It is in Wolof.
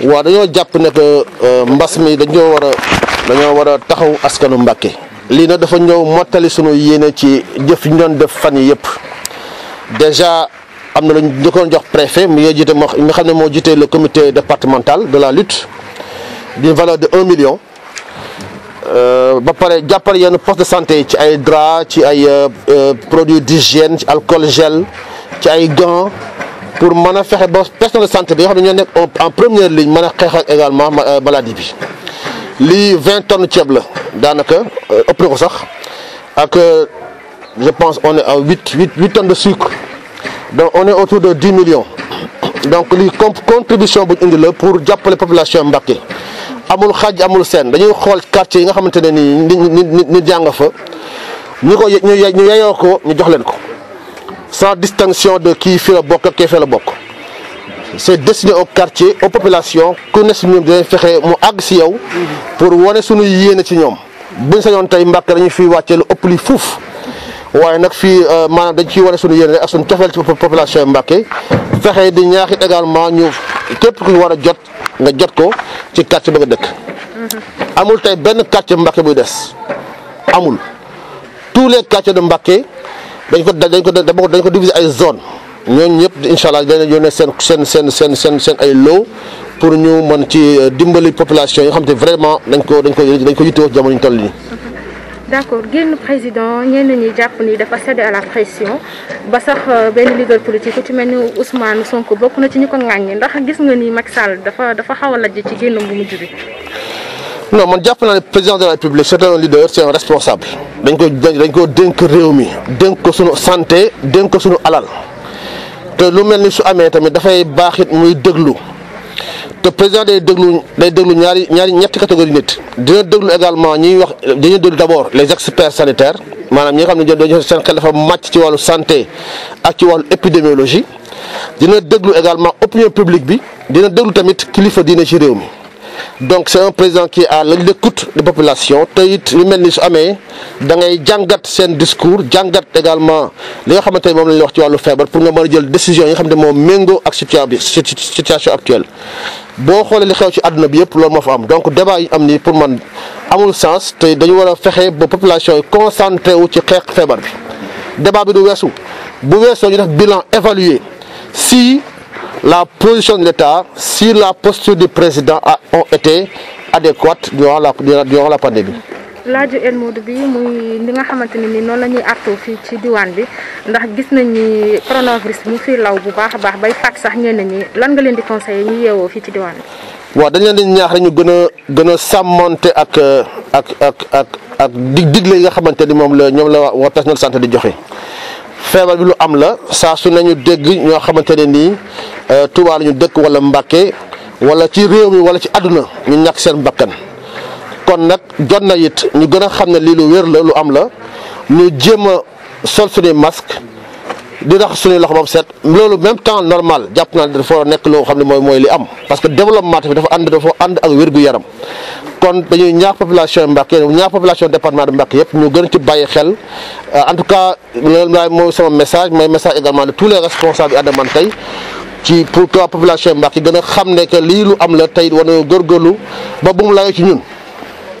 waaw dañoo jàpp ne que euh, mbas mi dañoo war a dañoo war a taxaw askanu Mbàkke lii nag dafa ñëw mottali sunu yéene ci jëf ñu doon def fan yi yëpp déjà am na lu ñu ko jox préfet mi ngi jiite moo xam ne moo jiite le comité départemental de la lutte d'une valeur de un million euh, ba pare jàppale yenn poste de santé ci ay draps ci ay euh, produit d'hygiène ci alcool gel ci ay gants pour mën a fexe ba personnel de santé bi nga xam ne ñoo nekk en première ligne mën a xeex ak également euh, maladie bi lii vingt tonne ceeb la daanaka euh, ëpp ko sax ak euh, je pense on est à huit huit huit tonnes de sucre donc on est autour de dix millions donc lii contribution bu ñu indi la pour jàppale population Mbacké amul xaaj amul seen dañuy xool quartier yi nga xamante ne nii ñu jàng fa ñu ko ñu yeyoo ko ñu jox leen ko. sans distinction de kii fii bokk ak kee fee la bokk c'est destiné au quartier aux population ku ne si ñoom dinañ mu àgg si yow pour wane suñu yéene ci ñoom buñ sañoon tey Mbàkke dañu fii wàccee lu ëpp li fuuf waaye nag fii euh, maanaam dañ ciy wane suñu yéene rek ak suñu cofeel ci population yi Mbàkke fexe di ñaax it également ñu képp ku war a jot nga jot ko ci quartier ba nga dëkk mm-hmm. amul tey benn quartier Mbàkke buy des amul tous les quartiers de Mbàkke dañ ko dañ ko dañ ko diviser ay zone ñooñu ñëpp incha allah danañ yónnee seen seen seen seen seen seen ay low pour ñu mën ci euh, dimbali population yoo xam ne vraiment dañ ko dañ ko dañ ko yittewoo jamono ñu nii. d' accord génn président ñenn ñi jàpp ni dafa cédé à la pression ba sax euh, benn leader politique ci mel ni Ousmane Sonko bokk na ci ñu ko ŋàññi ndax gis nga ni mag Sall dafa dafa xaw a lajj ci génn bu mujj bi. non man jàpp naa ne président de la république c'est un leader c'est un responsable dañ ko dañ dénk réew mi dénk ko suñu santé dénk ko suñu alal te lu mel ni su amee tamit dafay baaxit it muy déglu te président day déglu day déglu ñaari ñaari ñetti catégorie nit dina lu également ñuy wax dañuy déglu d'abord les experts sanitaires maanaam ñi nga xam ne dañoo seen xel dafa màcc ci wàllu santé ak ci wàllu épidémiologie dina déglu également opinion publique bi dina déglu tamit kilifa diine ci réew mi donc c'est un président qui est à l'écoute des populations te it lu mel ni su amee da ngay jàngat seen discours jàngat également li nga xamante ne moom la ñuy wax ci wàllu feebar pour nga mën a jël décision yi nga xam ne moom méngoo ak situation bi situation actuelle. boo xoolee li xew ci àdduna bi yëpp loolu moo fa am donc débat yi am ni pour man amul sens tey dañu war a fexe ba population yi concentré wu ci xeex feebar bi débat bi du weesu bu weesoo ñu def bilan évalué si. la position de l'État sur la posture du président a ont été adéquates durant la durant la pandémie. laaju El Modou bi muy li nga xamante ne ni noon la ñuy artoo fii ci diwaan bi ndax gis nañ ni coronavirus bi mu fii law bu baax a baax bay fàtt sax ñenn ñi lan nga leen di conseiller ñu yeewoo fii ci diwaan bi. waaw dañ leen di ñaax rek ñu gën a gën a sàmmante ak ak ak ak ak dig digle nga xamante ni moom la ñoom la waa personnel santé di joxe. feebar bi lu am la saa su nañu dégg ñoo xamante ne nii euh, Tuubaa la ñu dëkk wala Mbàkke wala ci réew mi wala ci àdduna ñu ñàkk seen bakkan kon nag jot na it ñu gën a xam ne lii lu wér la lu am la ñu jéem a sol suñuy masque di rax suñuy loxo ba mu set loolu même temps normal jàpp naa ne dafa nekk loo xam ne mooy mooy li am parce que développement tamit dafa ànd dafa ànd ak wér-gu-yaram kon dañuy ñaax population Mbacke ñaax population département de Mbacke yëpp ñu gën ci bàyyi xel euh, en tout cas loolu laay mooy sama message mooy message également de tous les responsables yi àndaman tey ci pour que population Mbacke gën a xam ne que lii lu am la tey war na góorgóorlu ba bu mu layoo ci ñun